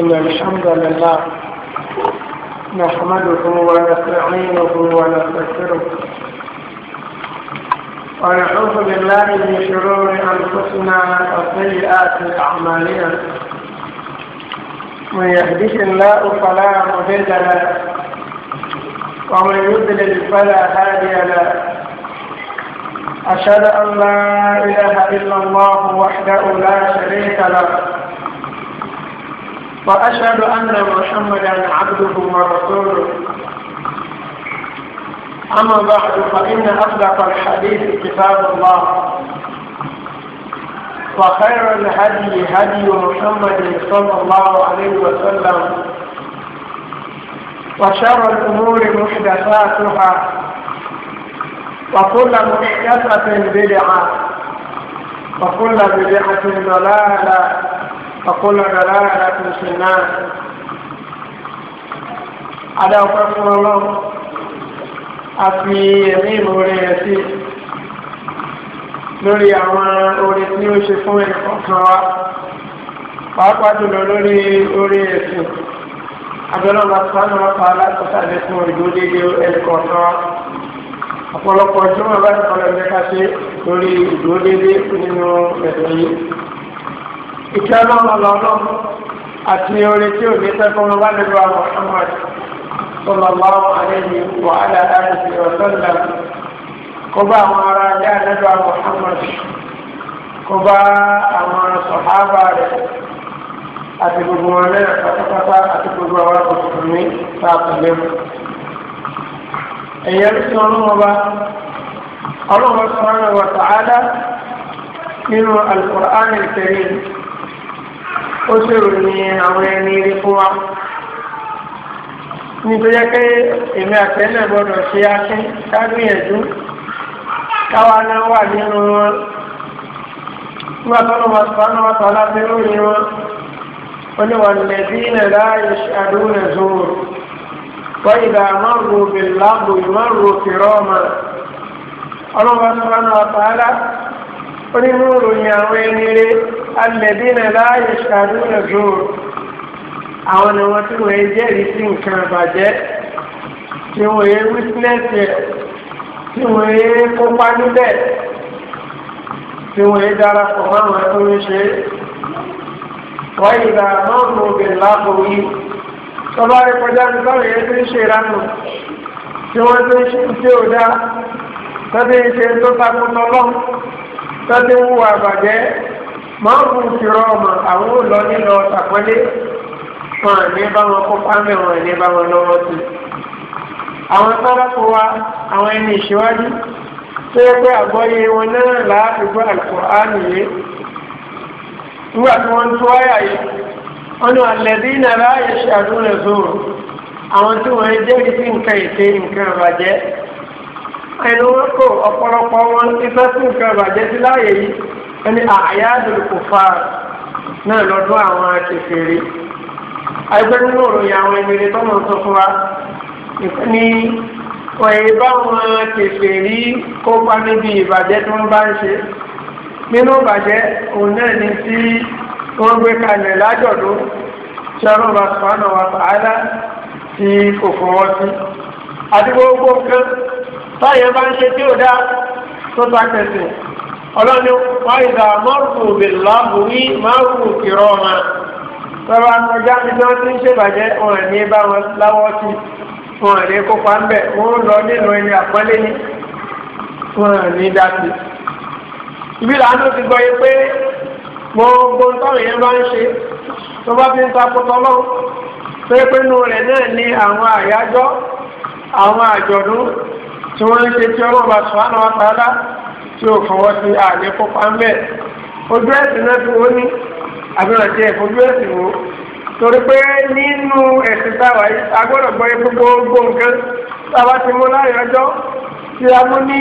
إن الحمد لله نحمده ونستعينه ونستغفره ونعوذ بالله من شرور أنفسنا وسيئات أعمالنا من يهده الله فلا مهد له ومن يضلل فلا هادي له أشهد أن لا إله إلا الله وحده لا شريك له وأشهد أن محمدا عبده ورسوله أما بعد فإن أصدق الحديث كتاب الله وخير الهدي هدي محمد صلى الله عليه وسلم وشر الأمور محدثاتها وكل محدثة بدعة وكل بدعة ضلالة وكل ضلالة في النار على وقفنا الله àfi ẹ̀mí ìmúre rẹ̀ sí lórí àwọn orin tí ó ṣe fún ẹ̀kọ̀ọ̀kan wa pàápàá jùlọ lórí orí ẹ̀sìn abẹ́lẹ́ ọba sánú ọ̀pá alákọ̀ọ́sàlẹ̀ fún òjò dédé ẹ̀kọ̀ọ̀kan wa ọ̀pọ̀lọpọ̀ ọjọ́ wọn bá ti kọ́lẹ̀ mẹ́ta ṣe ìkẹ́ ọlọ́run lọ́dọ́ àti orin tí ò ní sẹ́kọ̀ọ́ ló bá nílò àwọn Muhammad sallallahu alayhi wa ala alihi wa sallam kó bá àwọn ará ilé àlejò àwọn Muhammad kó bá àwọn sọ̀hábà rẹ̀ àti gbogbo wọn lẹ́yìn pátápátá àti gbogbo àwọn mùsùlùmí tá a tẹ̀lé mu. ẹ̀yẹ́ tí ọlọ́run ọba ọlọ́run subhanahu wa ta'ala nínú al-Qur'an al-Karim. ó ṣèròyìn àwọn ẹni rí fún wa nítorí pé èmi àtẹ́lẹ̀ gbọ́dọ̀ ṣe akín kágbìyànjú káwa náà wà nínú wọn nígbà tó lọ́wọ́ sọ́nà wàtò alábẹ́rù ni wọn oníwàlẹ́bí nàlá àdúgbò zòwò wọ́n ìgbà márùn-ún obìnrin láàbò márùn-ún òkèrè ọmọ ọlọ́wọ́ sọ́nà wàtò alá onírúurú ni àwọn ẹni rẹ̀. alẹ́dínà láàyè ṣàdúrà zoro àwọn ni wọ́n ti wọ́n jẹ́rìí sí nǹkan àbàjẹ́ tí wọ́n yé wítínẹ́sì ẹ̀ tí wọ́n yé kópa níbẹ̀ tí wọ́n yé darapọ̀ máwọn tó ń ṣe wọ́n yìí dà mọ́ọ̀nù obìnrin láàbò yìí tọ́ba rẹ̀ kọjá ní báwọn yẹn ti ń ṣe ìranù tí wọ́n ti ń ṣe tí ò dá ń ṣe tó takùn tọ́lọ́ tọ́bi ń wù àbàjẹ́ máa ń fún ìṣirò ọmọ àwọn ò lọ nílọ sàpọ́nlé wọn ní bá wọn kó pámẹ́ wọn ní bá wọn lọ́wọ́ sí. àwọn sábàkú wa àwọn ẹni ìṣíwájú tó yẹ pé àgbọ́yé wọn náà láàdúgbò àlùkùránì yìí nígbà tí wọ́n ń tó wáyà yìí wọ́n ní àlẹ́dí ìnara ayẹṣẹ àdúrà zoro àwọn tí wọ́n jẹ́rìí sí nǹkan ète nǹkan ìbàjẹ́ ẹnu wọn kò ọ̀pọ̀lọpọ̀ wọn ti fẹ́ sí nǹkan ìbàjẹ́ sí láàyè yìí ẹni àyáàdùn kò fa náà lọ́dún àwọn akẹfẹ̀ẹ́rẹ́ àìpẹ́ nínú òròyìn àwọn ènìyàn tó mọ̀ sọ fún wa ní ọ̀yẹ́ báwọn akẹfẹ̀ẹ́rí kópa níbi ìbàjẹ́ tó ń bá ń ṣe nínú ìbàjẹ́ òun náà ní tí wọ́n gbé kalẹ̀ lájọ̀dún tí ọlọ́run sọ̀rọ̀ wa sàádà tí kò fọwọ́ sí àti gbogbo nǹkan táyẹ̀ bá ń ṣe tí ò dáa tó ta kẹsìn ọlọ́ni wọ́n ìdá mọ́rùkù bìláàbù ní mọ́rùkù kìrọ̀ ọmọ tọ́ba ọjà ní tí wọ́n ti ń ṣèbàjẹ́ wọn ní bá wọn láwọ́ sí wọn ní kópa ń bẹ̀ wọ́n lọ nínú ẹni àpọ́nlé ní wọn ní dási. ibi làánú ti gbọ́ yé pé gbogbo táwọn yẹn bá ń ṣe tó tí ò fọwọ́ sí àlè kópa ń bẹ̀. ojú ẹ̀sìn náà tí wọ́n ní àbúrò àti ẹ̀fọ́ ojú ẹ̀sìn wò torí pé nínú ẹ̀sìn táwa yìí a gbọ́dọ̀ gbọ́ yẹ gbogbo nǹkan táwa ti mú láyọ̀jọ́ tí a mú ní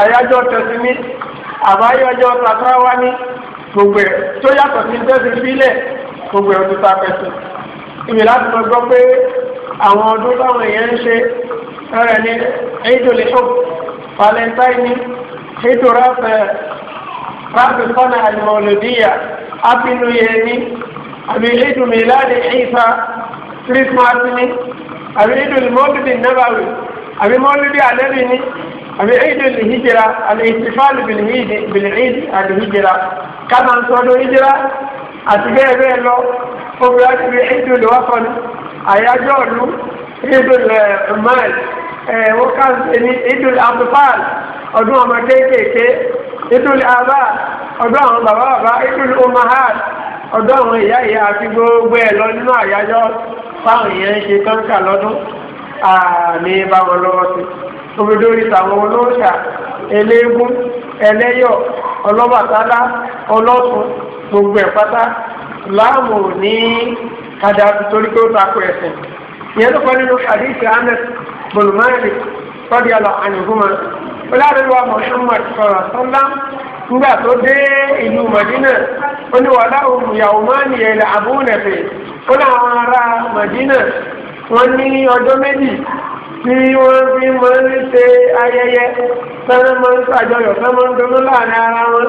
àyájọ́ tẹ̀sí ní àbáyọjọ́ tàtàwá ní gbogbo ẹ̀ tó yàtọ̀ sí tẹ̀sí sílẹ̀ gbogbo ẹ̀ ọdún tá a fẹ̀sìn. ìbí láti mọ gbọ́ pé àwọn ọdún táwọn èèyàn ń ṣe ẹ̀rẹ̀ ní ẹ̀yìn tó lè ṣọ́ọ̀bù valentine hidu rafe rafe sana alimọlẹdiya apinu yẹni àbí hidu miladi isa christmas ni àbí hidu mọlidi nabawi àbí mọlidi alẹbi ni àbí hidu lihijira alihitifali bilhidi bilhidi alihijira kama n sọdọ hijira àti bẹ́ẹ̀ bẹ́ẹ̀ lọ obìnrin àti hidu Ee ká ní idul abdulfal ọdún ọmọ kéékèèké idul aba ọdún àwọn bàbá bàbá idul umahad ọdún àwọn ìyá ìyá àti gbogbo ẹ̀ lọ nínú àyájọ́ fáwọn ṣe àmì báwọn sí obìnrin orí tàwọn olóòṣà ọlọ́bàtálá ọlọ́sùn gbogbo ẹ̀ pátá láàmù ní kàdà torí pé ó takò ẹ̀sìn ìyẹn kọ́ nínú bùn Malik rọ́dí ọlọ ànìhùmá olùwàdúrà Muhammad sọ̀rọ̀ sọ́lá nígbà tó dé ìlú Madina oníwàlá òun yàwó máa ń yẹlẹ àbúnẹ̀fẹ̀ ó láwọn ará Madina wọ́n ní ọjọ́ méjì tí wọ́n fi máa ń ṣe ayẹyẹ sẹ́nẹ́mọ́ńsàjọyọ̀ sẹ́nẹ́mọ́ńdọ́nú láàrin ara wọn.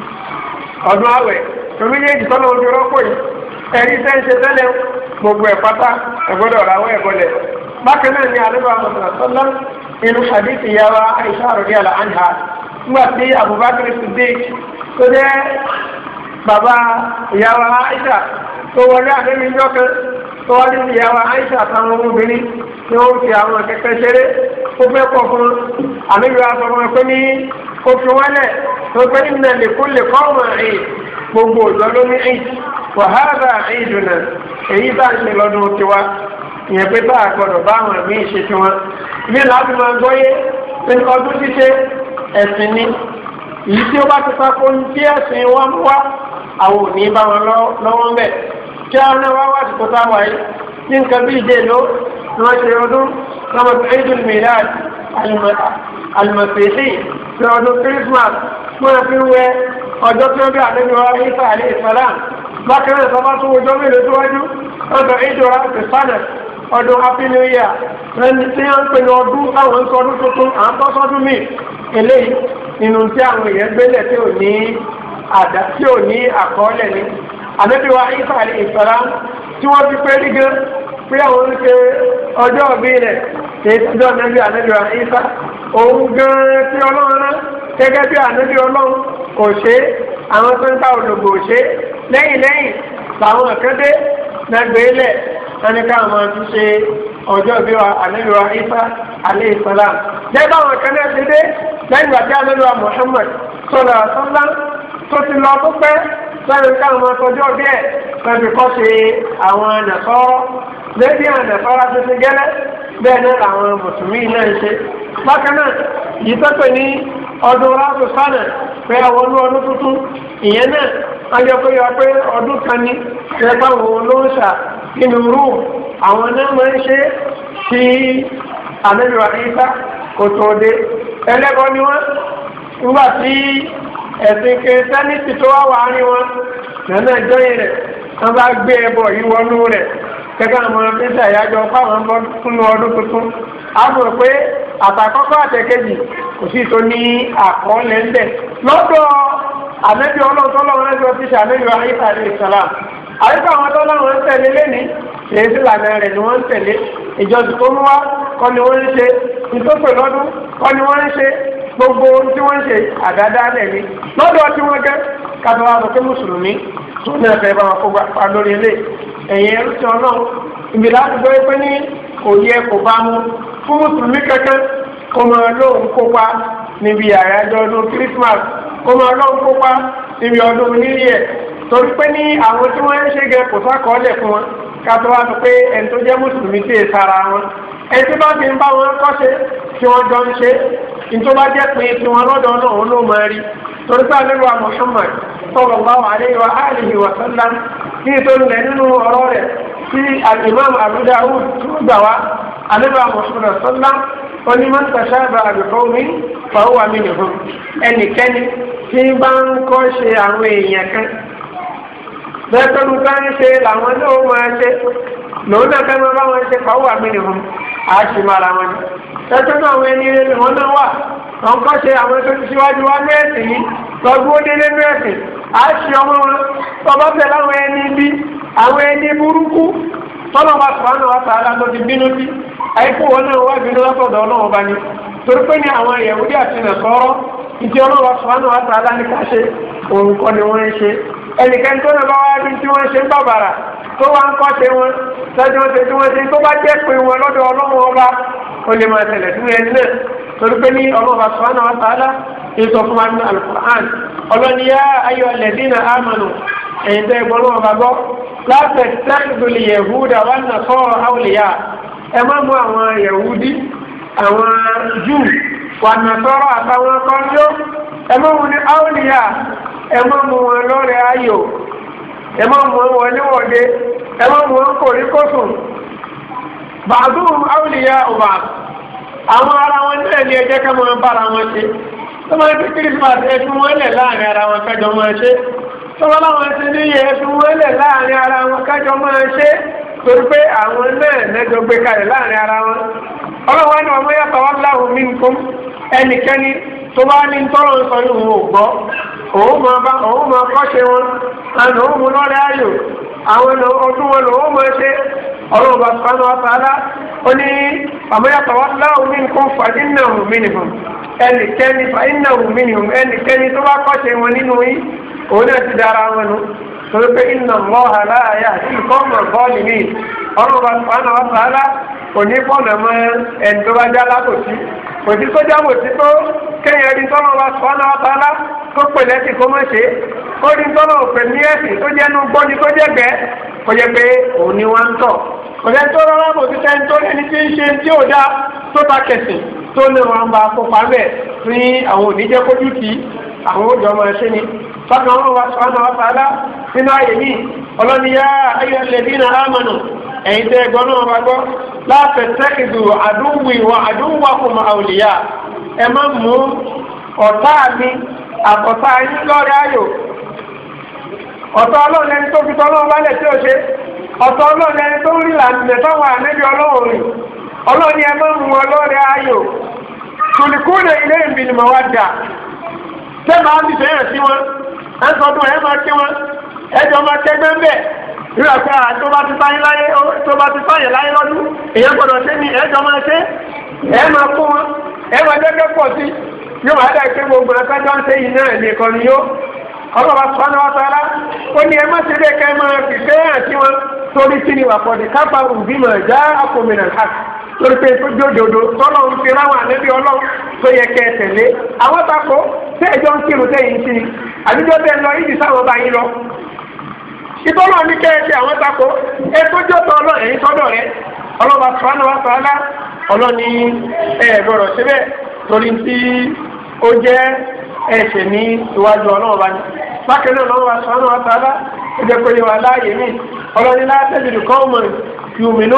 ọdún àwẹ̀ torí méjèèjì tọ́lọ́ ojú rọ́pò yìí ẹ̀rí tẹ́ ń ṣe tẹ́lẹ̀ gbogbo ẹ̀ pátá ẹ̀gbọ́dọ̀ ràwọ́ ẹ̀gbọ́lẹ̀. bákan náà ni àlébà mọ̀tàlá inú hadith ìyáwá Aisha àlà anha nígbà tí Abubakar tó jẹ́ bàbá ìyáwá Aisha tó wọlé tó wọlé ìyáwá Aisha àtàwọn ọmọbìnrin tí wọ́n fi àwọn ṣeré ó fẹ́ pọ̀ fún àmìlú aṣọ fún pé ní kó fi wọ́n lẹ̀ tó pé nínú lèkó lèkó ọmọ ẹ̀yìn gbogbo òjò ló ní ẹ̀yìn wàhálà ẹ̀yìn dùnà èyí bá ń ṣe lọ́dún tiwa ìyẹn pé bá àgbọ̀dọ̀ bá àwọn ẹ̀mí ìṣe tiwọn ní láti máa gbọ́yé pé ọdún ṣíṣe ẹ̀sìn ni èyí tí ó bá ti sáfó ní tí ẹ̀sìn wọn mú wá àwọn òní bá wọn lọ́wọ́ bẹ̀ kí á wọ́n ṣe ọdún kọ́mọ Eidul Milad alimọ̀sẹ̀sì ṣe ọdún Christmas wọ́n fi wẹ ọjọ́ tí wọ́n bí àdéhùn wa Isa alayhi salam bákan náà sọ́mọ́ tó wọjọ́ mélòó síwájú ọdún Eidul Fitr ọdún Happy New Year ẹni tí wọ́n ń pè ní ọdún táwọn ń sọ ọdún tuntun à ń bọ́ sọ́dún míì eléyìí nínú tí àwọn èèyàn gbélẹ̀ tí ò ní àdá tí ò ní àkọọ́lẹ̀ ni àdébíwá Isa alayhi salam tí wọ́n fi pé rí gan pé àwọn ń ṣe ọjọ́ ọ̀bí rẹ̀ ìjọ nẹ́bí ànẹ́bí wa ìfà òun gan-an tí ọlọ́run rán gẹ́gẹ́ bí ànẹ́bí ọlọ́run kò ṣe àwọn tó ń ta olùgbò ṣe lẹ́yìn lẹ́yìn làwọn àkàndé nàgbé e lẹ̀ ẹnìkan àwọn ti ṣe ọjọ́ ìbí wa àlejò wa Isa alayhi salam. jẹ́gbà àwọn kan náà ti dé lẹ́yìn àti àlejò wa Muhammad sọ̀rọ̀ sáré káwọn ọtọjọ bíẹ pẹ̀lú kọ ṣe àwọn ànàkọrọ lẹbi ànàkọrọ tuntun gẹ́lẹ́ bẹ́ẹ̀ náà làwọn mùsùlùmí náà ń ṣe bákan náà yìí tọ́pẹ̀ ní ọdún ráàtò sánà pé àwọn olú ọdún tuntun ìyẹn náà ajọ pé yọ pé ọdún kan ní ẹgbẹ́ àwọn olóńṣà nínú rúù ni wọ́n nígbà tí ẹ̀sìn kìrìsìtẹ́nìtì tó wà wà á wọn nànà ẹjọ́ yìí rẹ̀ wọ́n bá gbé ẹbọ yìí wọnú rẹ̀ kẹ́kẹ́ àwọn fíṣà ìyájọ́ fáwọn bọ́ fúnnu ọdún tuntun á mọ̀ pé àtàkọ́kọ́ àtẹ̀kẹ́jì kò sí tó ní àkọọ́lẹ̀ ń bẹ̀ lọ́dọ̀ ànẹ́bí ọlọ́tọ́lọ́wọ́n ẹ̀sọ́ fíṣà ànẹ́bí àyíká àlè ìsàlám àyíká àwọn tọ́lọ́wọ́n ń tẹ̀lé lẹ́ni èyí sí lànà rẹ̀ ni wọ́n ń tẹ̀lé ìjọsìn tó mú wá kọ́ ni wọ́n ń ṣe ìtòkè lọ́dún kọ́ ni wọ́n ń ṣe gbogbo ohun tí wọ́n ṣe àdáadáa lẹ̀ ni tí wọ́n gẹ́ kájọ wá sọ pé mùsùlùmí tó ní ẹ̀fẹ̀ bá wọn kó pa lórí ilé ẹ̀yìn ẹrú ti ọlọ́run ibi láti gbọ́ pé ní kò kò bá mu fún mùsùlùmí kankan kó máa lóun kópa níbi àyájọ́ ọdún Christmas kó máa lóun kópa níbi ọdún New Year torí pé ní àwọn tí wọ́n ń ṣe gẹ kò sákọọ́lẹ̀ fún wọn kájọ wá ẹni tó jẹ́ mùsùlùmí tí è sára wọn ẹtí bá fi ń bá wọn kọ́ ṣe tí wọ́n jọ ń ṣe nítorí bá jẹ́ pé tí wọ́n lọ́dọ̀ náà ó ló máa rí torí pé àlejò wa Muhammad sallallahu alaihi wa alihi wa sallam kí ìtòlù rẹ̀ nínú ọ̀rọ̀ rẹ̀ sí al-Imam Abu Dawud tó gbà wá àlejò wa Muhammad sallam onímọ̀ tàṣàbà àbíkọ́wé fàáwà minhum ẹnikẹ́ni tí bá ń kọ́ ṣe àwọn èèyàn kan bẹ́ẹ̀ tó ń na náà fẹ́ máa bá wọn ṣe fà wà mí nìkan á sì máa ra wọn ni. ẹjọ́ náà àwọn ẹni rẹ̀ wọn náà wà wọn kọ́ ṣe àwọn tó ti síwájú wá mẹ́ẹ̀sì yìí lọ́gbó délé mẹ́ẹ̀sì á ọmọ wọn láwọn ẹni bí àwọn ẹni burúkú ti bínú sí wọn náà bá ní torí pé ní àwọn àti ìdí ọlọ́wọ́ sọ́nà àtàlà ní káṣe òun kọ́ ni wọ́n ń ṣe ẹnìkan tó náà bá wá bí tí wọ́n ṣe ń bàbàrà tó wá ń kọ́ṣe wọn sọ́jọ́ wọn ṣe tí wọ́n ṣe tó bá jẹ́ pé wọn lọ́dọ̀ ọlọ́wọ́ ọba ó lè máa tẹ̀lẹ̀ fún ẹni náà torí pé ní ọlọ́wọ́ sọ́nà àtàlà ètò fún wa ní alukur'an ọlọ́niyá ayọ̀ lẹ́dínà àmàlù ẹ̀yìn tẹ́ ìgbọ́n náà bá gbọ́ láti tẹ́kìdùlì yẹ̀húdà wà ní sọ́ọ̀rọ̀ àwòlíyà ẹ má mú àwọn yẹ̀húdí àwọn júù wànàtọ́rọ̀ àtàwọn kan yó ẹmọ́ wọn ní áwòlìyà ẹmọ́ mu ayò ẹmọ́ mu wọn níwọ̀dé ẹmọ́ mu ọba àwọn ara wọn nílẹ̀ ní ẹjẹ́ ká máa bára wọn ṣe tó máa ti Christmas ẹfún wọn ara wọn kájọ máa ṣe tó máa ti níyẹ ẹfún wọn ara wọn máa ṣe. torí pé àwọn náà lẹ́jọ́ gbé kalẹ̀ láàrin ara wọn ọlọ́wọ́ ni ọmọ yàtọ̀ wọn láwùn mí nǹkan ẹnikẹ́ni tó bá ní tọ́lọ̀ ń sọ ní òun ò gbọ́ òun máa bá òun máa kọ́ṣe wọn àná òun mú lọ́rẹ́ ayò àwọn ọdún wọn lòun máa ṣe ọlọ́run bá sọ́nà ọ̀tá alá ó ní ọmọ yàtọ̀ wọn láwùn mí nǹkan fàdí náà wù mí nìkan ẹnikẹ́ni fàdí náà wù mí nìkan ẹnikẹ́ni tó bá kọ́ṣe wọn nínú yìí òun náà ti dára wọn nù torí pé iná mọ́ àlá àyà sí ìkọ́mọ̀ bọ́ọ̀lù mi ọlọ́run bá sọ̀rọ̀ náà wá sàálà òní pọ̀nà mọ́ ẹni tó bá já lákòtí òtí tó já mòtí tó kéèyàn rí tọ́lọ́ bá sọ̀rọ̀ náà wá sàálà kó pè lẹ́sìn kó mọ̀ ṣe kó rí tọ́lọ́ òpè ní ẹ̀sìn tó jẹ́ nu gbọ́ni tó jẹ́ bẹ́ẹ̀ kó jẹ́ pé òun ni wọ́n ń tọ̀ òjẹ́ tó rọra mòtí tẹ́ni tó lẹ́ni tí ń ṣe tí ò dá tó ta kẹ̀sìn tó lè wọn bá kópa bẹ́ẹ̀ fún àwọn òníjẹ́kójú tí àwọn òjò ọmọ ẹṣẹ́ ni bákan wọn wá sọ́nà wá sàlá nínú ààyè yìí ọlọ́ni yá ayé ẹlẹ́bí náà ámànù ẹ̀yin tẹ́ gbọ́ náà wá gbọ́ láti tẹ́kìdù àdúwì wọn àdúwàkùn àwòlíyà ẹ má mú ọ̀tá mi àkọ́tá yín lọ́rẹ́ ayò ọ̀tọ̀ ọlọ́run ẹni tó fi tọ́lọ́run bálẹ̀ tí ó ṣe ọ̀tọ̀ ọlọ́run ẹni tó ń rí làǹdẹ̀ táwọn ànẹ́bí ọlọ́run rìn ọlọ́run ẹ má mú ọlọ́rẹ́ ayò ẹ̀sọ́dún ẹ̀ máa kí wọn ẹ̀jọ̀ máa kẹgbẹ́ ń bẹ̀ rírà pé tó bá ti sáyé láyé tó bá ti sáyé láyé lọ́dún èèyàn gbọ́dọ̀ ṣe ni ẹ̀jọ̀ máa ṣe ẹ̀ máa kó wọn ẹ̀ máa dẹ́gbẹ́ pọ̀ sí yóò máa dẹ́ pé gbogbo ẹ̀sọ́jọ́ ń ṣe yìí náà nìkan ni yó ọlọ́ba sọ́nà wa sọ́ra ó ní ẹ má ṣe bẹ́ẹ̀ ká ẹ máa fi fẹ́ràn sí wọn torí kí ni wàkọ̀dé kápá òbí mọ̀ já àkómìnà hàk torí pé tó jódodo tọ́lọ́ ń fi ráwọn àlẹ́bí ọlọ́ tó yẹ kẹ́ ẹ tẹ̀lé àwọn bá kó ṣé ẹjọ́ ń kírun sẹ́yìn sí i àbíjọ́ bẹ́ẹ̀ lọ ìdí sáwọn ọba yín lọ. ìtọ́lọ̀ ní kẹ́ẹ̀kẹ́ àwọn tako ètò ìjọba ọlọ́ ẹ̀yìn sọ́dọ̀ rẹ ọlọ́ba sọ́nà wa sọ́nà ọlọ́ni ẹ̀ gbọ́dọ̀ síbẹ̀ torí tí ó jẹ́ ẹ̀ṣẹ̀ ní iwájú ọlọ́ọ̀ba ni. bákan náà lọ́wọ́ sọ́nà wa sọ́nà ó jẹ́ pé wà láàyè mí ọlọ́ni látẹ̀jù kọ́ọ̀mù yùmínú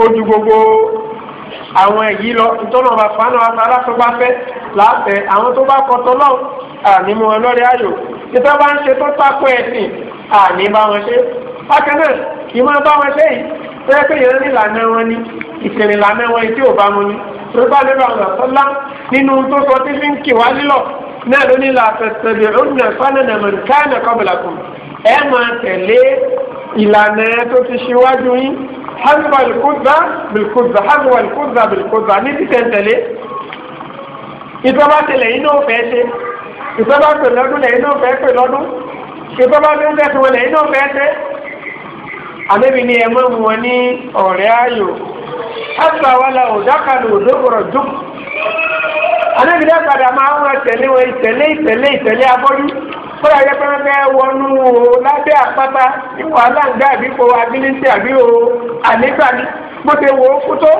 ó ju gbogbo àwọn èyí lọ ìtọ́nà bá fanu ata aláṣọ bá fẹ́ láàfẹ́ àwọn tó bá kọtọ náà àní mú wọn lọ́rẹ́ ayò títọ́ bá ń ṣe tó tako ẹ̀sìn àní bá wọn ṣe bákan náà ìmọ̀ bá wọn ṣe yìí tó yẹ pé yẹn wọn ni ìṣẹ̀lẹ̀ ìlànà wọn tí ni tó la tẹ̀sẹ̀lẹ̀ ó nà fánànà mọ̀nkáànà kọ́bìlà kù ẹ̀ máa tẹ̀lé ìlànà tó ti حذف الكذبة بالكذبة حذف الكذبة بالكذبة ní títẹ̀ntẹ̀lé ìtọ́ba tẹ̀lẹ̀ inú fẹ́ ṣe ìtọ́ba pè lọ́dún lẹ̀ inú fẹ́ pè lọ́dún ìtọ́ba tó ń tẹ̀sí wọn lẹ̀ inú fẹ́ ṣe. àlébi ni ẹ mọ̀ mu wọn ní ọ̀rẹ́ ayò ẹ̀sà wà lọ òdákàlù òdókòrò dùn. àlébi dẹ́kadà máa ń wọ ìtẹ̀lé ìtẹ̀lé ìtẹ̀lé ìtẹ̀lé abọ́jú bóyá yẹ pé wọ́n fẹ́ wọnú o lábẹ́ àpáta ní wàhálà ń dá àbí kò abílíńtì àbí o àlébà ni bó ṣe wò ó kú tó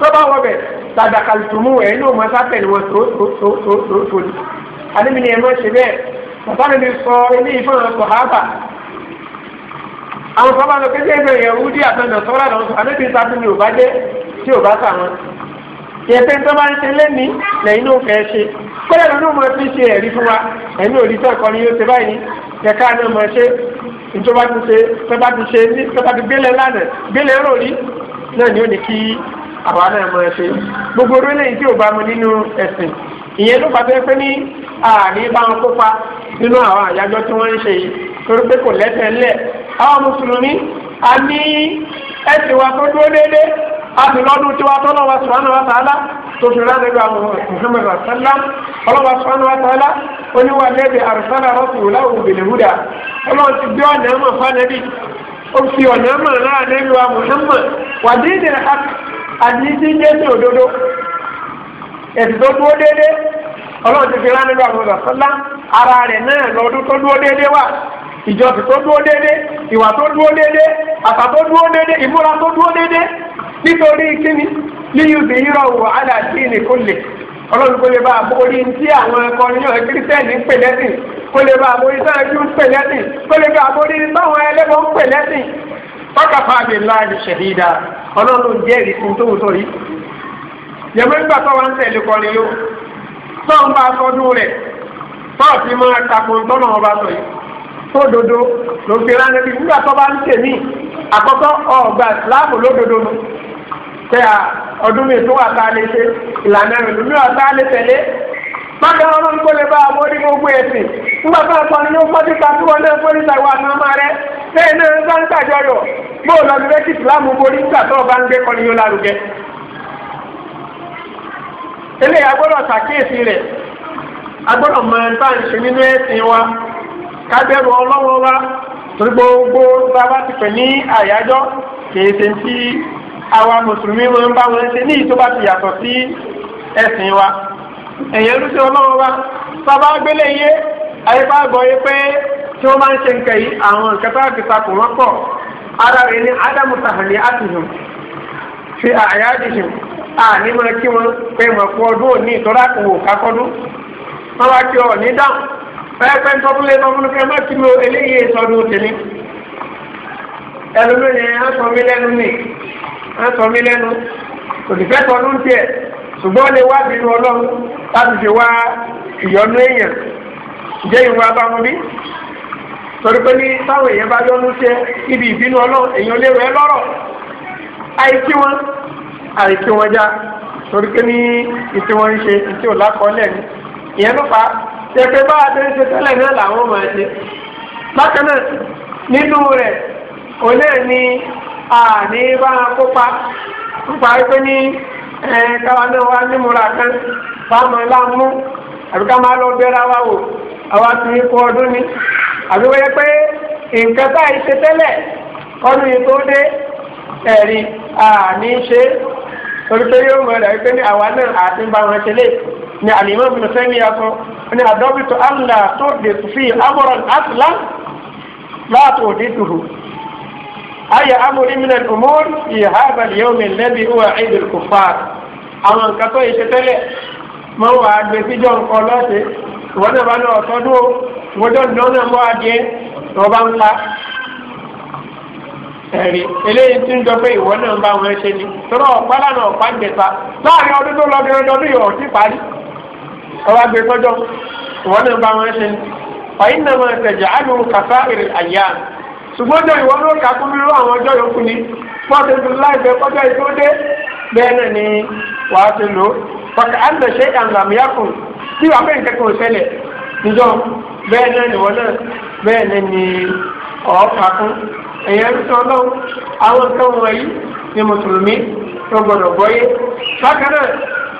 tó bá wọ bẹ̀ tàdàkàlùtùmù ẹ̀ ní òun sáfẹ̀ ni wọ́n tó tó tó tó tó tó ni àlébi ni ẹ má ṣe bẹ́ẹ̀ bàbá mi sọ ilé ìfọ̀n sọ̀hábà àwọn sábà lọ kéde ẹgbẹ́ yẹn wúdí àtọ̀nà sọ́ra lọ sọ àlébi sáfẹ̀ ni ò bá dé tí ò bá sà wọn ìyẹn pé tó bá ń ṣe lẹ́ni lẹ́yìn ló fẹ́ ṣe kọ́lẹ̀ lónìí mo fi ṣe ẹ̀rí fún wa ẹ̀mí ò rí fún ẹ̀kọ́ ni yóò ṣe báyìí ẹ̀ka náà mọ̀ ṣe ìjọba ti ṣe tọ́ba ti ṣe ní tọ́ba ti gbélé lánà gbélé rọ̀rí náà ni ó ní kí àwa náà mọ̀ ṣe gbogbo orílẹ̀ yìí tí ò bá mu nínú ẹ̀sìn ìyẹn ló pàṣẹ pé ní àní bá wọn kópa nínú àwọn àyájọ́ tí wọ́n ń ṣe yìí torí pé kò lẹ́sẹ̀ àwọn mùsùlùmí a ní ẹ̀sìn wa tó dúró déédéé àti lọ́dún tí wàá tọ́lọ́ wa sùnwánú wa tààlà tó fi rán níbi àwọn muhammed rasala ọlọ́wà sùnwánú wa tààlà oníwà lẹ́bi arsala rasulahu bil huda ọlọ́wà ti gbé ọ̀nà ẹ̀mọ̀ fánẹ́bí ó fi ọ̀nà ẹ̀mọ̀ náà níbi wa muhammed wà dídì hak àdídí jẹ́sí òdodo ẹ̀sìn tó dúró déédé ọlọ́wà ti fi rán níbi àwọn rasala ara rẹ̀ náà lọ́dún tó dúró déédé wà ìjọsìn tó dúró déédé ìwà tó dúró déédé àṣà tó dúró déédé ìmúra tó dúró déédé nítorí kíni líyùbí yíra wò aláàtì nìkólè ọlọ́run kò lè bá àbórí tí àwọn ẹ̀kọ́ yàn kírísítẹ́nì ń pè lẹ́sìn kò lè bá àbórí táwọn ẹ̀jú ń pè lẹ́sìn kò lè bá àbórí táwọn ẹlẹ́bọ̀ ń pè lẹ́sìn wákàfà mi láàyè ṣẹ̀hídà ọlọ́run jẹ́rìí fún tóun sọ yìí. yẹ̀mọ́ nígbà tó wá ń tẹ̀lé kọrin yó tó ń bá a sọdún rẹ̀ tó ti máa takùn tọ́nà ọba sọ yìí tó dodo ló fi rán níbi nígbà tó bá ń tèmí àkọ́kọ́ ọ̀gbà pé ọdún mi tó wà tá a lè ṣe ìlànà ìlú mi wà tá a lè tẹ̀lé bákan náà lọ́nà kó lè bá àwọn orí gbogbo ẹ̀sìn nígbà tó ń pọnú ní fọ́tí ta tí wọ́n náà fọ́tí ta ìwà àmàmà rẹ lẹ́yìn náà ń bá ń ṣàjọyọ̀ bó lọ sí fẹ́kì ìsìlámù borí nígbà tó bá ń gbé kọ́ni yóò lárugẹ. eléyà gbọ́dọ̀ ṣàkíyèsí rẹ̀ a gbọ́dọ̀ mọ ẹ̀ńtà ń ṣe nínú ẹ̀sìn wa kábẹ́rù ọlọ́wọ́ wa torí gbogbo àwa mùsùlùmí wọn ń bá wọn ṣe ní ìtọ́ bá ti yàtọ̀ sí ẹ̀sìn wa ẹ̀yẹn ló ṣe ọlọ́wọ́ wa sábà gbélé yé àyíká gbọ́ yé pé tí wọ́n bá ń ṣe nǹkan yìí àwọn nǹkan tó àti takò wọ́n pọ̀ ara rẹ̀ ní ádámù fi àyájìhùn àní máa kí wọn pé mọ̀ fún ọdún òní ìtọ́lá kò wò ọ ní dáhùn fẹ́ má ti eléyìí sọdún tèmi ẹlòmíràn yẹn á sọ mí lẹ́nu wọ́n sọ mí lẹ́nu òṣìṣẹ́ kan ló ń tiẹ̀ ṣùgbọ́n lè wá bínú ọlọ́run láti fi wá ìyọnu èèyàn jẹ́ ìwọ abámu bí torí pé ní táwọn èèyàn bá yọnu sí ẹ ibi ìbínú ọlọ́run èèyàn lè rẹ lọ́rọ̀ àìsí wọn àìsí wọn já torí pé ní ìtí wọn ń ṣe ìtí ò lákọọ́lẹ̀ ni ìyẹn ló fà á ṣẹ̀fẹ̀ bá a ti ń ṣe tẹ́lẹ̀ náà làwọn máa ṣe bákan náà nínú rẹ̀ òun náà ni a bá wọn kópa nípa wípé ní káwa náà wá ní múra kan fáwọn láàmú àbí ká máa lọ wa wò ti ní ọdụ ni àbí wọ́n yẹ pé nǹkan tá ìṣe tẹ́lẹ̀ kọ́nu yìí tó dé ẹ̀rí àní ṣe torí pé ni alimọ bin sẹmi ya sọ ni adọbi allah أي أمر من الأمور في هذا اليوم الذي هو عيد الكفار àwọn nǹkan tó ṣe tẹ́lẹ̀ mọ́ wà á gbé síjọ́ nǹkan lọ́sẹ̀ wọ́n náà bá náà tọ́dún ó wọ́n náà náà mọ́ adìẹ wọ́n ìwọ náà ń bá wọn ṣe ni tọ́lọ́ ọ̀pá lánà ọ̀pá ń gbẹ̀ta láàrin ọdún tó lọ bí ọdún ọdún yóò ti parí ọba gbé tọ́jọ́ ìwọ náà ń bá wọn ṣe ni ọ̀yìn náà máa tẹ̀jà á lóun ìrìn àyà ṣùgbọ́n jọ ìwọ ló kà kún mi rú àwọn ọjọ́ yòókù ni wọ́n ti dùn láìpẹ́ kọjá ìtó dé bẹ́ẹ̀ náà ni wàá ti lò ó pàtàkì àǹdà ṣe àǹdà mìíràn tí wàá fẹ́ǹkẹ́ kò ṣẹlẹ̀ níjọ́ bẹ́ẹ̀ náà ni wọ́n náà bẹ́ẹ̀ náà ni ọ̀ọ́kà kún ẹ̀yẹ ń sọ lọ́wọ́ àwọn nǹkan wọ̀nyí ni mùsùlùmí tó gbọdọ̀ gbọ́yé bákan náà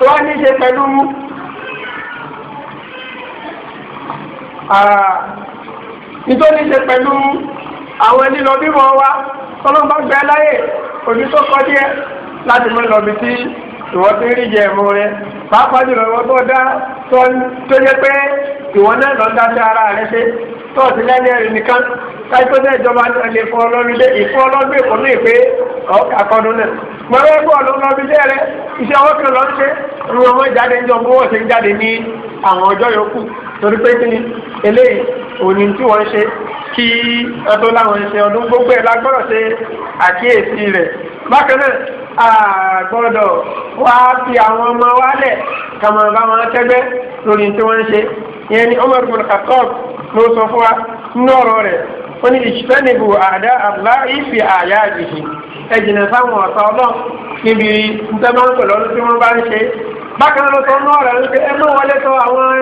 wá ní ṣe pẹ̀lú nítorí ṣe pẹ̀lú àwọn ẹni lọ bímọ wa ọlọ́run bá gbẹ láyè òbí tó kọ́ díẹ̀ láti mọ lọ bí tí ìwọ ti rí jẹ ẹ̀mú rẹ pàápàá jùlọ ìwọ tó dá tó yẹ pé ìwọ náà lọ dá sí ara rẹ ṣe tó ọ̀sìn lẹ́nu ẹ̀rì nìkan káyipẹ́ náà ìjọba lè fún ọlọ́run lé ìfún ọlọ́run lè fún ní ìpè akọ́dún náà mọ̀rọ̀ ẹgbẹ́ ọlọ́run lọ́bi jẹ́ rẹ iṣẹ́ ọwọ́ kan lọ ń ṣe ń wọ́n wọ́n jáde ń jọ bó wọ́n ṣe ń jáde ní àwọn ọjọ́ yòókù torí pé kí ni eléyìí òní tí wọ́n ń ṣe kí ọdún láwọn ṣe ọdún gbogbo ẹ̀ ṣe àkíyèsí rẹ̀ bákan àgbọ́dọ̀ wá fi àwọn ọmọ wa lẹ̀ kàmọ́ wọn tẹ́gbẹ́ lórí tí wọ́n ń ṣe ìyẹn ni Umar ibn Khattab ló sọ fún wa nínú rẹ̀ ó ní àdá àbúlá ìfì àyà àjèjì ẹ̀jìnà sáwọn ọlọ́ níbi bákan ló sọ náà rẹ̀ wípé ẹ mọ́ wọlé tó àwọn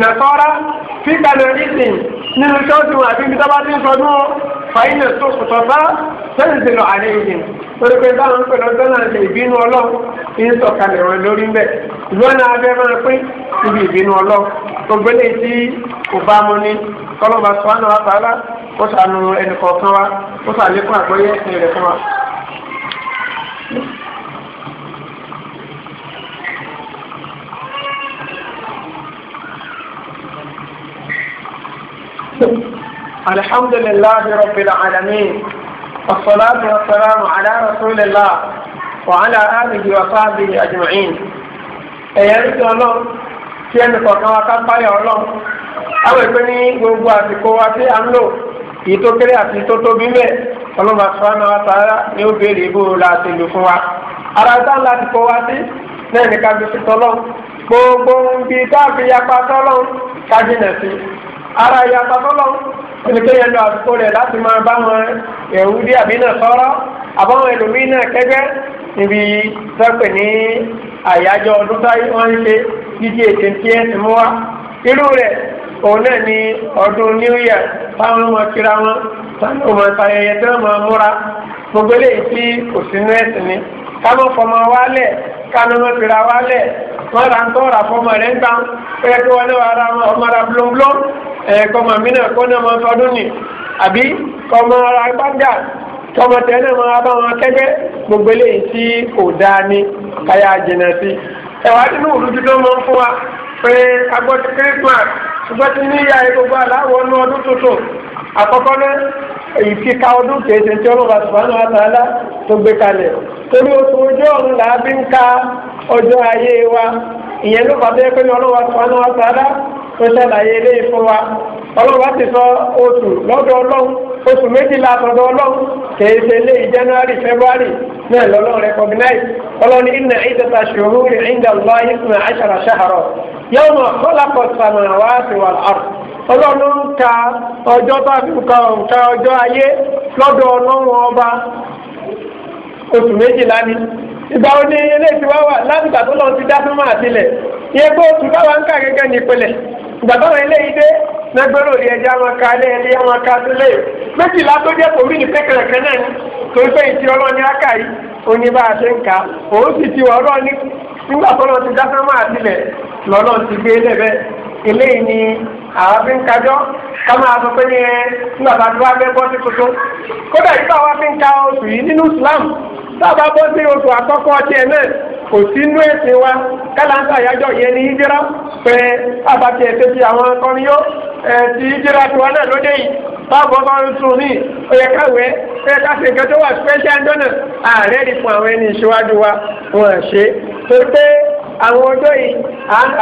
nàtọ́ra fíkà náà nìsín nínú ṣọ́ọ̀tì wọn àbí nígbà bá ti ń sọdún ó fàyín náà tó sọ̀tọ̀ bá sẹ́yìn ti lọ àlẹ́ yìí torí pé báwọn ń pè lọ́jọ́ náà ṣe ìbínú ọlọ́run ń sọ̀kalẹ̀ wọn lórí mbẹ́ ìgbọ́n náà abẹ́ máa pín ibi ìbínú ọlọ́run gbogbo eléyìí tí kò bá mu ní kọ́lọ́ba sọ́wọ́n náà الحمد لله رب العالمين والصلاة والسلام على رسول الله وعلى آله وصحبه أجمعين ẹ̀yẹ́ ń sọ lọ kí ẹnì kọ̀ọ̀kan wa ká páyà ọlọ́ àwọn ìpín ní gbogbo àsìkò wa tí a ń lò yìí tó kéré àti tó tóbi bẹ́ẹ̀ ọlọ́mà sọ́nà wa ni ó béèrè ibò la ti fún wa ara tá láti kó wa sí náà ká fi sí tọ́lọ́ gbogbo ń tá a fi yapa tọ́lọ́ ká jìnà sí ara ìyàtọ̀ tọ́lọ́ ìpínlẹ̀ lọ àsìkò rẹ̀ láti máa bá wọn ẹ̀rú dé àbí náà sọ̀rọ̀ àbáwọn ẹlòmíín náà kẹgbẹ́ níbi sẹ́pẹ̀ ní àyájọ́ ọdún táyé wọ́n ń ṣe títí ètò tí ẹ̀ ti mú wa irú rẹ̀ òun náà ni ọdún new year táwọn ọmọ kíra wọn táwọn ọmọ ìtayẹyẹ tí wọ́n máa múra gbogbo eléyìí tí kò sí ni ká má fọmọ wálẹ̀ ká má má kíra wálẹ̀ wọ́n ra ń tọ́ ra fọmọ rẹ̀ ń gbà ó yẹ kí wọ́n náà ra ọmọ ra blóńblóń ẹ̀ẹ́kọ́ mina mí náà kó náà máa fọdún nì àbí kọ́ bá wọn gbogbo eléyìí tí kò dáa ní káyà jìnnà sí. ẹ̀wà nínú òrùjú máa ń fún wa pé agbọ́tí Christmas ṣùgbọ́n gbogbo aláwọ̀ ọdún tuntun àkọ́kọ́ náà ka tó gbé kalẹ̀ torí oṣù ojú ọ̀run bí ń ka ọjọ́ ayé wa ìyẹn tó ṣàlàyé eléyìí fún wa ọlọ́run ti sọ oṣù lọ́dọ̀ ọlọ́run oṣù méjìlá àtọ̀dọ̀ ọlọ́run kèé ṣe january february náà lọ́lọ́run recognize ọlọ́run ashara shahara ọlọ́run ka ọjọ́ bá fi ka ọjọ́ ayé lọ́dọ̀ ọlọ́run ọba oṣù méjìlá ni ìgbà ni eléyìí ti wá wà láti tó ti dá fún màá yẹ kó oṣù báwa ń kà gẹ́gẹ́ ní ìgbàgbọ́ àwọn eléyìí dé lẹ́gbẹ́rẹ́ òde ẹja wọn ka ilé ẹni wọn ka sílé méjìlá tó jẹ́ kòmí ní pékèrè kan náà ni torí pé ìtì ọlọ́ni áká yìí oní bá a ṣe ń òun sì ti wọ́n ọlọ́ni nígbà tó ti dáná máa tilẹ̀ lọ́nà ti gbé lẹ́bẹ̀ eléyìí ni àwọn fi ń kájọ́ ká máa sọ pé ní ẹ nígbà a ti wá bọ́ sí tuntun wa fi ń ka oṣù yìí nínú Islam tá a bá bọ́ sí oṣù kò sínú èsì wa kálánṣà àyájọ́ yẹn ní hijira pé abàtì ẹ̀sẹ̀ ti àwọn akọni yó ti hijira tiwa náà lóde yìí báwo bá ń sùn ní oyè káwé oyè káfíń kẹtọ́ wà special donor ààrẹ rí fún àwọn ẹni ìṣíwájú wa wọn ṣe torí pé. àwọn ọjọ́ yìí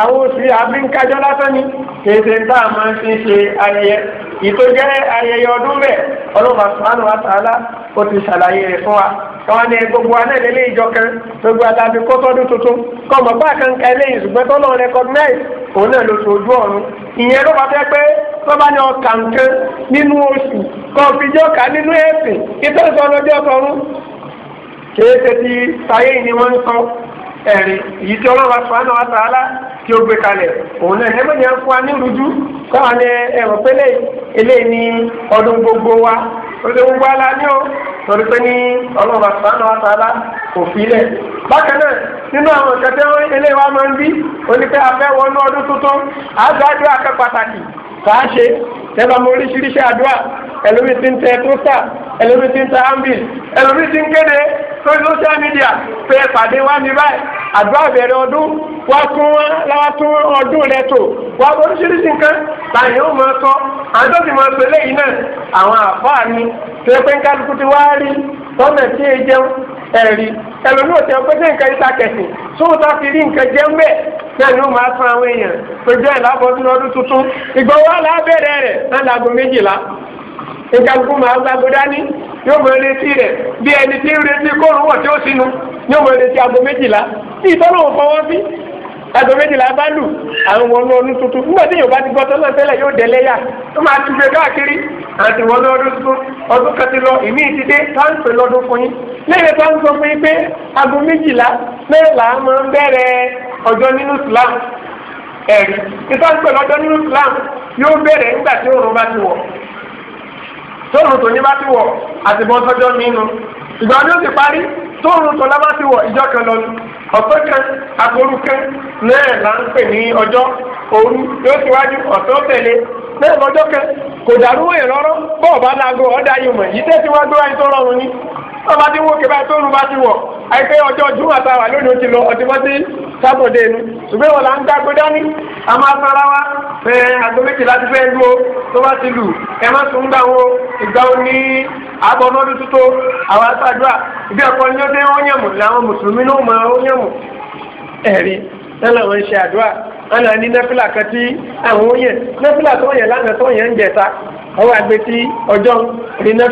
àwọn oṣù àbíkájọ́ lásán ni kèsè ń a máa fi ṣe ayẹyẹ ìtò jẹ́ ayẹyẹ ọdún bẹ́ẹ̀ ọlọ́mà sùnánù àtàlà ó ti ṣàlàyé rẹ̀ fún wa káwọn ní gbogbo anáà lélẹ́ ìjọ gbogbo àtàbí kó tuntun kọ́ mọ̀ eléyìí ṣùgbọ́n tó òun náà ló ọ̀run ìyẹn ló bá fẹ́ pé tó bá ní ọkà nǹkan nínú oṣù kọ́ ọkà nínú ẹ̀sìn kèé ṣe ẹ̀rí èyí tí ọlọ́run aṣọ́nà wa tààlà tí ó gbé kalẹ̀ òun náà ẹgbẹ́ ni a ń fún wa ní ẹ̀rọ pélé ní gbogbo wa ọdún gbogbo wa n'i o torí pé ní ọlọ́run aṣọ́nà wa tààlà kò fi lẹ̀. bákan náà nínú àwọn ìkẹtẹ wa máa ń bí afẹ́ wọnú ọdún tuntun pàtàkì mọ oríṣiríṣi àdúrà ti ń tẹ tó sà ẹlòmí ti ń ta ambil ẹlòmí ti ń kéde lórí social media pé pàdé wá ní báyìí àdúrà bẹ̀rẹ̀ ọdún wá tún wọn láwá tún ọdún rẹ tò wá oríṣiríṣi nǹkan làyìn ó máa sọ àwọn tó sì máa sọ eléyìí náà àwọn àfáà ni tó pé ń kálukú ti wá rí tọ́nà tí e jẹun ẹ̀rí ẹlòmí ò tẹ pé sí nǹkan ìta kẹsì sóhun tá fi rí nǹkan jẹun bẹ́ẹ̀ náà ni ó máa fún àwọn èèyàn pé jẹ́ ìlàbọ̀ sínú ọdún tuntun ìgbọ̀wọ́ làá bẹ̀rẹ̀ ìkàlùkù máa gbàgbó dání yóò mọ retí rẹ̀ bí ẹni tí ń retí kóòrùn wọ̀ tí ó sínú yóò mọ retí aago méjìlá tí ìtọ́nà ò fọwọ́ sí aago méjìlá bá lù àwọn wọnú ọdún tuntun nígbà tí yorùbá ti gbọ́ tọ́lọ̀ tẹ́lẹ̀ yóò dẹ́lẹ́ yà ó máa ti gbé káàkiri àti wọnú ọdún tuntun ọdún kan ti lọ ìmí ti dé táǹpì lọ́dún fún yín lẹ́yìn tó ń sọ fún yín pé aago méjìlá mẹ́rìnlá máa ń bẹ̀rẹ̀ ọjọ́ nínú Islam ẹ̀rí ìtọ́jú pẹ̀lú ọjọ́ nínú Islam yóò bẹ̀rẹ̀ nígbà tí òòrùn bá ti wọ̀ tóòrùn tó ní bá ti wọ̀ àtìbọn sọ́jọ́ nínú ìgbà ni ó ti parí tóòrùn tó lábá ti wọ̀ ìjọ kan lọ ọ̀sán kan àtòru kan náà là ń pè ní ọjọ́ òru yóò síwájú ọ̀sán tẹ̀lé náà lọ́jọ́ kan kò dàrú èè bọ́ọ̀ bá láago ọ̀dà yìí mọ̀ yìí tẹ̀síwájú wáyé tó rọrùn ni tọ́ba ti wò kébà tó ń bá ti wọ̀ àìpé ọjọ́ júmọ̀ tá a wà lónìí ó ti lọ ọtí mọ́ sí sátọ̀dé nu ṣùgbọ́n wọn là ń dágbé dání a máa fara wa ẹ àgbo méjì láti fẹ́ lu o tó bá ti lù ẹ má tún gbà wo ìgbà wo ní abọ́ lọ́dún tó tó àwọn aṣáájúà ìbí ẹ̀kọ́ ni ó dé ó yẹ̀mù làwọn mùsùlùmí náà mọ ó yẹ̀mù ẹ̀rí tẹ́lẹ̀ wọn ṣe àdúrà wọn là ní nẹ́fìlà kan àwọn ó yẹ tó yẹ lánàá tó yẹ ń jẹta ọwọ́ àgbẹ̀ tí ọjọ́ ìrìnà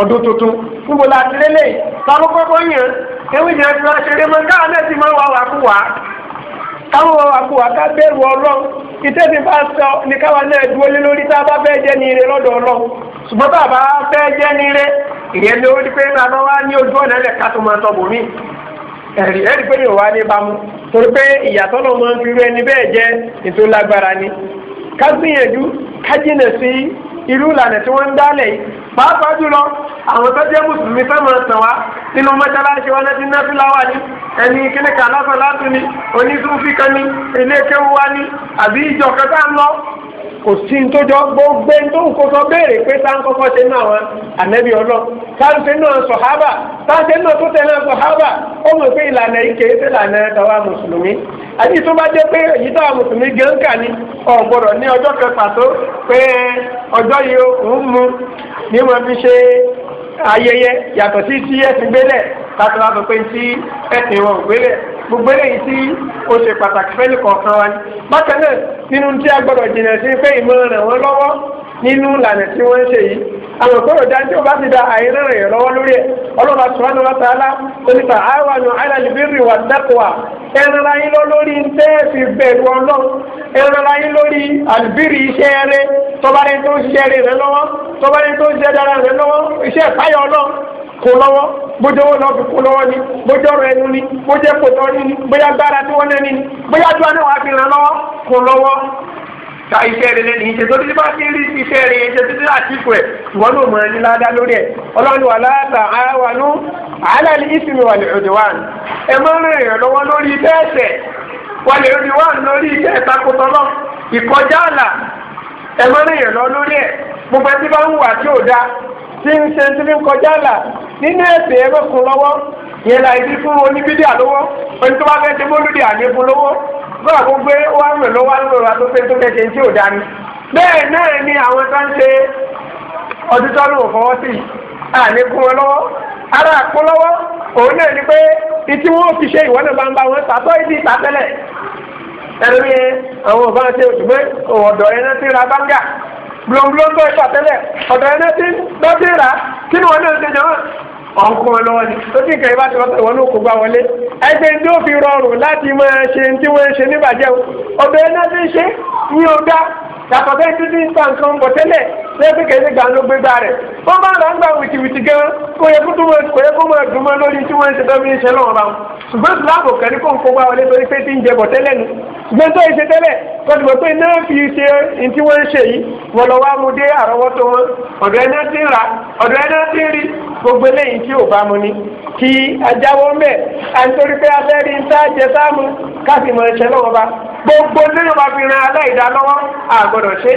ọdún tuntun níbo la ti lélẹ̀ táwọn kọ́kọ́ yàn ewé yẹn fi káwọn náà ti máa wà wà kú wà káwọn wà wà kú ká bẹ̀rù ọlọ́run ìtẹ́sí bá sọ ní káwọn náà dúró lé lórí tá a bá fẹ́ jẹ́ ní ire lọ́dọ̀ ṣùgbọ́n tá a bá fẹ́ jẹ́ ní ire ìyẹn ni ká gbìyànjú ká jìnà sí irú ìlànà tí wọ́n ń dálẹ̀ yìí pàápàá jùlọ àwọn tó jẹ́ mùsùlùmí sọ́mọ sàn wá nínú mọ́ṣáláṣí wọn láti ná fúláwà ni ẹni kíni kan lọ́sàn ni onísùnfì kan ni ilé kéwu wa ni àbí ìjọ kẹta ń lọ kò sí ní gbogbo sọ béèrè pé tá ń ṣe náà wọn ànẹ́bí ọlọ tá náà sọ̀hábà tá ń náà tó tẹ̀lé sọ̀hábà ó mọ̀ pé ìlànà ike ṣe lànà tàwa mùsùlùmí àti tó bá jẹ́ pé èyí tàwa mùsùlùmí gan kà ní ọ̀gbọ̀rọ̀ ní ọjọ́ kẹfà tó pé ọjọ́ yìí ó ń mu ní mo fi ṣe ayẹyẹ yàtọ̀ sí tí ẹ̀sìn gbélẹ̀ gbogbo eléyìí tí ó ṣe pàtàkì fẹ́ẹ́ kọ̀ọ̀kan wa ni. bákan náà nínú tí a gbọ́dọ̀ jìnnà sí pé ìmọ̀ràn ràn wọ́n lọ́wọ́ nínú ìlànà tí wọ́n ń ṣe yìí àwọn òkúrò dáńtí ó bá ti da àìrán rẹ̀ lọ́wọ́ lórí ẹ̀ ọlọ́ba subhanahu wa ta'ala oníta àwànù alàlùbírì wà dákùwà ẹnra yín lọ lórí ntẹ́ẹ̀fì bẹ̀rù ọlọ́run ẹnra yín lórí àlùbírì iṣẹ́ rẹ tọ́ba rẹ tó ń ṣiṣẹ́ rẹ lọ́wọ́ tọ́ba rẹ tó ń ṣiṣẹ́ dára rẹ lọ́wọ́ iṣẹ́ ìfáyọ̀ ọlọ́run kó lọ́wọ́ bójú owó lọ́ọ́ fi kó lọ́wọ́ ni bójú ọ̀rọ̀ ẹnu ni bójú ẹ̀kọ́ tọ́ ni ni bóyá gbára tí wọ́n nẹ́ni ni bóyá ju àná wàá fi ràn lọ́wọ́ kó lọ́wọ́ ta iṣẹ́ rẹ lẹ́nu iṣẹ́ tó ti bá ti rí iṣẹ́ rẹ iṣẹ́ tó ti rà sí ìfọ̀ ẹ̀ ìwọ́n ló mọ̀ ní ládá lórí ẹ̀ ọlọ́run wà láàtà àwọnú àlàlí ìsinmi ní ẹ wà ní lórí iṣẹ́ ẹ mọ́ rìn lórí ẹ̀ tí ń ṣe tí ń kọjá là nínú ẹ̀sìn ẹ̀mẹ́kùn lọ́wọ́ yẹn la ibi fún oníbídíà lọ́wọ́ oní tó bá fẹ́ ṣe mọ́lúdì àníkún lọ́wọ́ bá a kó gbé wá ń rìn lọ́wọ́ àlọ́ ra tó fẹ́ tó fẹ́ ṣe tí ò dání. bẹ́ẹ̀ náà ni àwọn tó ń ṣe ọdún tó fọwọ́ sí àníkún wọn lọ́wọ́ ara àpò lọ́wọ́ òun náà ni pé ìtí wọn ò fi ṣe ìwọ́n náà máa ń bá wọn tàtọ́ ìdí ìtàtẹ́lẹ̀ ẹ̀rọ mi àwọn ò bá ń ṣe òṣùgbọ́n òwòdọ̀ blọmblọm bẹ́ẹ̀ tàtẹ́lẹ̀ ọ̀dọ̀ ẹ̀ náà ti bá ti rà kí ni wọ́n náà ṣe jọ ọ̀nkọ́ lọ́wọ́ ni ó sì kẹ́yìn bá ti wọ́n wọn ló kó gbá wọlé ẹgbẹ́ tí ó fi rọrùn láti máa ṣe tí wọ́n ń ṣe níbàjẹ́ o ọ̀dọ̀ ẹ̀ náà ti ṣe ní ọ̀dá yàtọ̀ sẹ́yìn títí ń ta nǹkan bọ̀ tẹ́lẹ̀ lẹ́sìn kẹ́sì gbà ló gbé gbà rẹ̀ wọ́n máa rà ń gbà wìtìwìtì gan kó yẹ kó kó máa dùn mọ́ lórí tí wọ́n ń ṣe tó fi ń ṣe lọ́wọ́ bá wọn ṣùgbọ́n ìsìláàbò kẹ́ni kó ń kó wá wọlé torí pé tí ń jẹ bọ̀ tẹ́lẹ̀ nu ṣùgbọ́n tó ń ṣe tẹ́lẹ̀ kó ti mọ̀ pé náà fi ṣe ní tí wọ́n ń ṣe yìí wọ́n lọ wá mu dé àrọ́wọ́tó wọn ọ̀dọ̀ ẹni tí ń ra ọ̀dọ̀ ẹni tí ń rí gbogbo eléyìí tí ò bá mu ni kí ajáwọ́ mẹ́ àǹtorí pé abẹ́rí ń tá jẹ sáàmù káfíìmọ̀ ẹ̀ṣẹ̀ lọ́wọ́ bá gbogbo gbọ́dọ̀ ṣe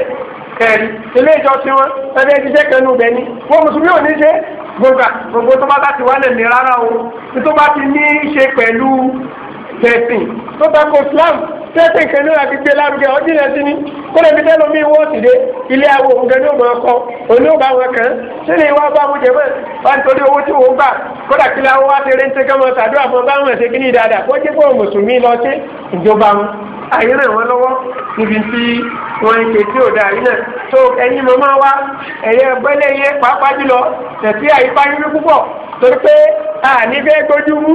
kẹrin ilé ìjọ tí wọn ẹbí ẹbí jẹ kẹnu bẹ ni wọn mùsùlùmí ò ní ṣe gbogbo gbogbo tó bá bá ti wà lẹ́mí rárá o tó bá ti ní í ṣe pẹ̀lú tẹ̀sìn tó bá kó Islam tẹ́sìn kan náà fi gbé lárugẹ ọdún yẹn sí ni kó lè fi tẹ́lọ mí wọ́n sì dé ilé awo nǹkan ní òun ọkọ òní ò bá wọn kàn ṣé lè wá bá wọn jẹ mọ́ wá nítorí owó tí wọ́n gbà kódà kí láwọn wá ṣeré ń ṣe kán mọ́ tàdúrà mọ́ bá wọn ṣe kí ní dáadáa kó jẹ́ pé òun àyẹ̀rẹ̀ wọn lọ́wọ́ níbi tí wọ́n ń ṣe tí ò dáa yìí náà tó ẹ̀yin màmá wa ẹ̀yẹ gbẹ́lẹ̀ yẹ pàápàá jùlọ tẹ̀sí àyípa yín púpọ̀ torí pé àní fẹ́ gbójú mú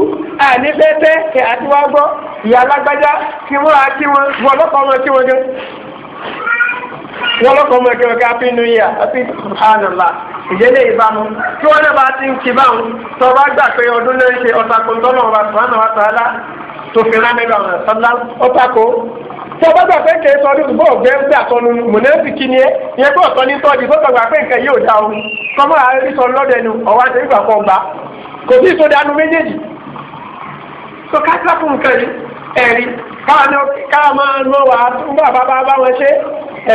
àní fẹ́ tẹ́ kẹ̀ àti wá gbọ́ ìyá alágbájá kí wọ́n á kí wọn wọ́n lọ́kọ̀ wọn kí wọn gan wọ́n lọ́kọ̀ wọn kí wọn gan happy new year happy subhanallah ìyẹlẹ ìbámu tí wọ́n náà bá ti ń kí báwọn tó bá gbà pé ọdún náà ṣe ọ̀sàkùn tọ́lọ̀ wa subhanahu wa ta'ala tó fi rán nílò ọ̀ràn bá gbà pé sọ ọdún bóò gbé àtọ́nu kí ni ẹ ní tọ́jú tó pé nǹkan yóò dá o kọ́mọ́ àárín sọ lọ́dọ̀ ọ̀wá àti ìgbà kan gbà kò sí méjèèjì tó ká sáfù nǹkan yìí ẹ̀rí káà máa tún bá bá bá wọn ṣe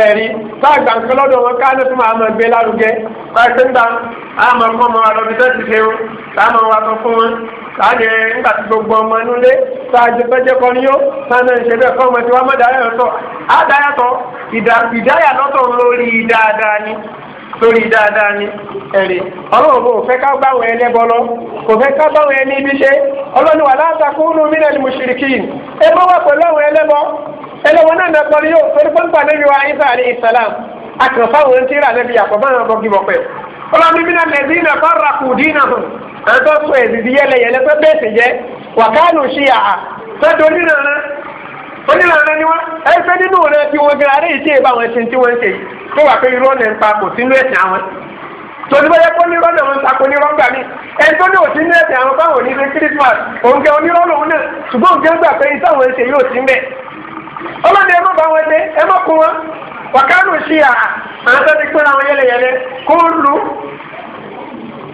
ẹ̀rí gbà lọ́dọ̀ wọn ká ló tún máa gbé lárugẹ ṣe káàdì nígbà tí gbogbo ọmọ inú lé sáájú fẹ́jẹ́ kọ́ ni yó sáájú ìṣe bẹ́ẹ̀ fọ́ ọmọ tí wọ́n mọ̀ dáyà lọ́tọ̀ á dáyà tọ́ ìdáyà lọ́tọ̀ lórí dáadáa ni lórí dáadáa ni ẹ̀rí ọlọ́run kò fẹ́ ká báwọn ẹlẹ́bọ lọ kò fẹ́ ká báwọn ẹni ibi ṣe ọlọ́run wà látàkùnú mílíọ̀nù mùsùlùkìn ẹ bọ́ wà pẹ̀lú àwọn ẹlẹ́bọ ẹlẹ́bọ náà nà pẹ̀lú yóò torí pọ́ńpà níbi wa isa àlẹ́ ìsàlám àkànfà wọn ti rà lẹ́bi àkọ́fà náà bọ́ gbìmọ̀ pẹ̀ ọlọ́run mímí náà mẹ́sìn náà fọ́nrakù dínà hàn àwọn tó fún èsìsì yẹlẹyẹlẹ tó bẹ́ẹ̀sì jẹ wàkánù ṣíyà sọ́dọ̀ onírànà onírànà ni wọ́n ẹ̀sẹ̀ nínú rẹ̀ ti wọ́n gẹ̀rẹ́ àárẹ̀ ìṣe ìbá wọn ṣe tí wọ́n ṣe tó wà pé irọ́ ní kò ẹ̀sìn àwọn kó wọn gbà mí ẹni tó ní òsì ẹ̀sìn àwọn báwọn ní onírọ́ lòun náà ṣùgbọ́n gbà pé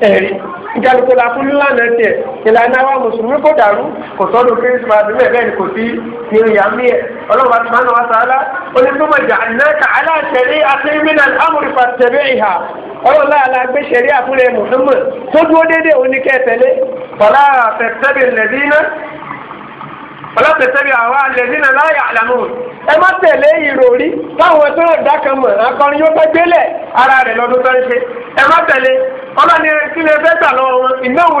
ẹ̀rí ìjálùkọ la fún nílànà tiẹ̀ ìlànà àwọn mùsùlùmí kò dàrú kò sọ́dọ̀ kérésìmásì bẹ́ẹ̀ bẹ́ẹ̀ ni kò sí ìrìnyà mí ẹ̀ ọlọ́run bá tìmánà wá sàálà ó ní fún mọ̀jà ànáka aláṣẹ̀rí àtẹ̀mínà amúrìfà tẹ̀lé ìhà ọlọ́run láàlá gbé ṣẹ̀rí àfúnlẹ̀ mùsùlùmí tó dúró déédéé oníkẹ́ tẹ̀lé ọlọ́sẹ̀ tẹ́bi àwọn alẹ́dínà láyà àlámù ẹ má tẹ̀lé ìròrí táwọn tó ń dákan mọ̀ akọrin yóò fẹ́ gbélẹ̀ ara rẹ̀ lọ́dún tó ń ṣe ẹ má tẹ̀lé ọlọ́ni lè fẹ́ gbà lọ́wọ́ wọn ìnáwó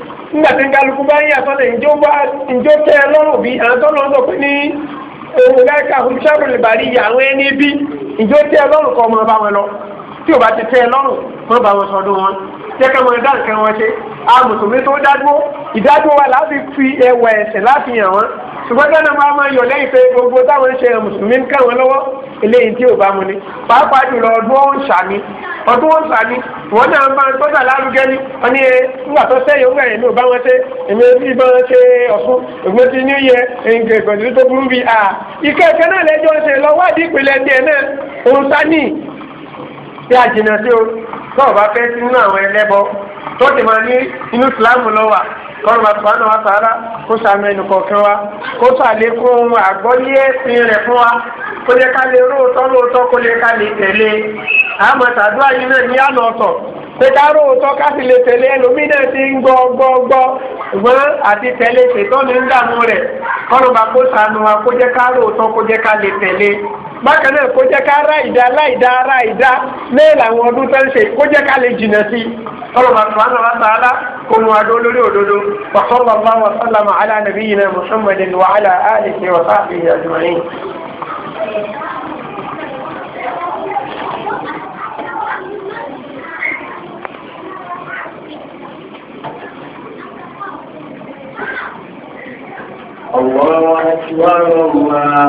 nígbà tí kálukú bá ń yàtọ̀ lè njó tẹ ẹ lọ́rùn bí àwọn tó lọ́n sọ pé ní òun láìka olùsọ́rọ̀ lè bàrí ìyá àwọn ẹni bí njó tẹ ẹ lọ́rùn kọ́ ọmọ bá wọn lọ tí ò bá ti tẹ ẹ lọ́rùn mọ́ bá wọn sọdún wọn jẹ́ ká máa dá nǹkan wọn ṣe a mùsùlùmí tó dádúró ìdádúró wa láti fi ẹwà ẹ̀sẹ̀ láti yàn wọ́n ṣùgbọ́n dáná máa máa yọ̀ lẹ́yìn pé gbogbo táwọn ń ṣe mùsùlùmí ń kàn wọ́n lọ́wọ́ eléyìí tí ò bá mu ni pàápàá jùlọ ọdún ó ń ṣàmì ọdún ó ń ṣàmì wọn náà máa ń tọ́jà lárugẹ ni wọn ní nígbà tó sẹ́yìn ó ń gbẹ̀yìn ní ò bá wọn ṣe èmi ti bá wọn ṣe ọ̀fun èmi ti ní yẹ nǹkan ìgbọ̀nsẹ̀ tó burú bíi à ìkẹ́kẹ́ náà lẹ́jọ́ ṣe lọ wádìí ìpìlẹ̀ tiẹ̀ náà òun sá sọọba o bá fẹ́ sí nínú àwọn ẹlẹ́bọ tó ti máa ní inú ìsìláàmù lọ́wọ́ kọ́nà bàtà wà náà sára kó sàmì wa kó sàlékún àgbọ́yé ẹ̀sìn rẹ̀ fún wa kó lè ká lè róòtọ́ róòtọ́ kó lè ká lè tẹ̀lé àmọ́ tàdúrà yìí náà ní àná pé ká ká sì lè ẹlòmíì náà ti ń àti bákan náà kó jẹ́ ká ara ìdá aláìdá ara ìdá lẹ́yìn làwọn ọdún tó ń ṣe kó jẹ́ ká lè jìnà sí i. ọlọ́run àti wàhálà wàhálà àlá kó nu adó lórí òdodo wàhálà báwa sálàmù alá nabiyyina muhammadin wa ala alihi wa sahbihi ajma'in. الله أكبر الله